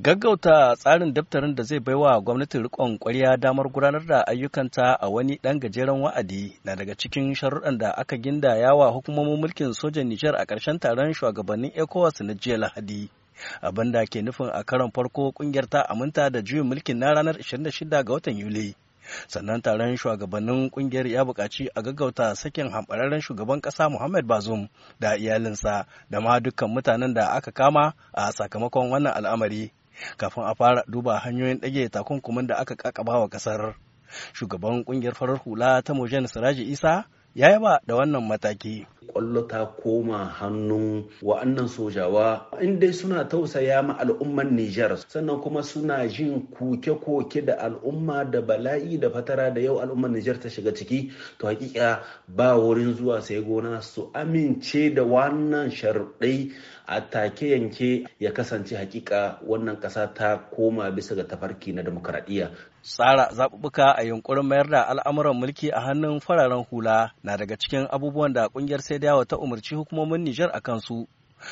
Gaggauta tsarin daftarin da zai baiwa gwamnatin rikon kwarya damar gudanar da ayyukanta a wani dan gajeren wa'adi na daga cikin sharuɗan da aka ginda yawa hukumomin mulkin sojan Nijar a ƙarshen taron shugabannin ECOWAS na jiya Lahadi. Abin da ke nufin a karon farko ƙungiyar ta aminta da juyin mulkin na ranar 26 ga watan Yuli. Sannan taron shugabannin ƙungiyar ya buƙaci a gaggauta sakin hamɓararren shugaban ƙasa Muhammad Bazum da iyalinsa da ma dukkan mutanen da aka kama a sakamakon wannan al'amari. kafin a fara duba hanyoyin ɗage takunkumin da aka ƙaƙabawa ƙasar. Shugaban ƙungiyar farar hula ta Mojen Siraji Isa ya yaba da wannan mataki kwallo ta koma hannun wa'annan sojawa in dai suna tausaya ma al'umman Nijar sannan kuma suna jin koke-koke da al'umma da bala'i da fatara da yau al'umman Nijar ta shiga ciki to hakika ba wurin zuwa sai gona su amince da wannan sharuɗai a take yanke ya kasance hakika wannan ƙasa ta koma bisa ga tafarki na demokradiyya. Tsara zaɓuɓɓuka a yunkurin mayar da al'amuran mulki a hannun fararen hula na daga cikin abubuwan da kungiyar sai dawo ta umarci hukumomin Nijar a kansu.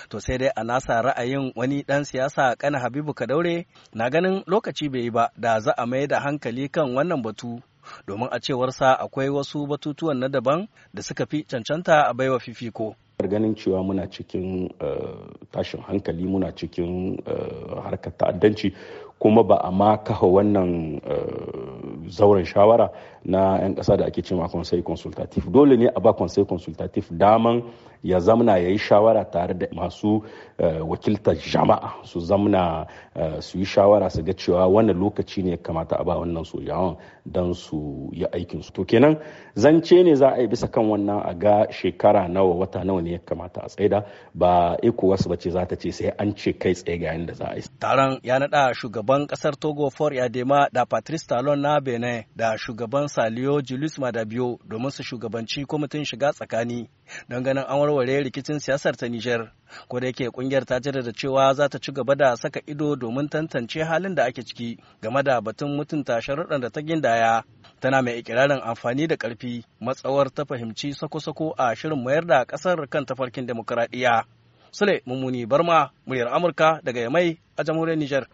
To sai dai a nasa ra'ayin wani ɗan siyasa kana Habibu Kadaure na ganin lokaci bai yi ba da za a mai da hankali kan wannan batu. Domin a cewarsa akwai wasu batutuwan na daban da suka fi cancanta a baiwa fifiko. ganin cewa muna cikin eh, tashin hankali muna cikin eh, harkar ta'addanci kuma ba a ma kaha wannan eh, zauren shawara na 'yan ƙasa da ake cewa conseil consultatif dole ne a ba conseil consultatif daman ya zamna ya yi shawara tare da masu eh, wakiltar jama'a su zamna eh, su yi shawara su ga cewa wannan lokaci ne ya kamata a ba wannan sojawan don su yi aikin su to kenan zance ne za a yi bisa kan wannan a ga shekara nawa wata nawa ne ya kamata a tsaida ba ecowas ba ce za ta ce sai an ce kai tsaye ga yanda za a yi taron ya shugaban ƙasar togo for yadema da patrice talon na benin da shugaban saliyo julius madabio domin su shugabanci kwamitin shiga tsakani don ganin an warware rikicin siyasar ta nijar ko da yake kungiyar ta jaddada cewa za ta ci gaba da saka ido domin tantance halin da ake ciki game da batun mutunta sharuɗan da ta gindaya tana mai ikirarin amfani da ƙarfi matsawar ta fahimci sako-sako a shirin mayar da ƙasar kan tafarkin demokuraɗiyya. Sule Mummuni Barma, muryar Amurka daga Yamai a jamhuriyar Nijar.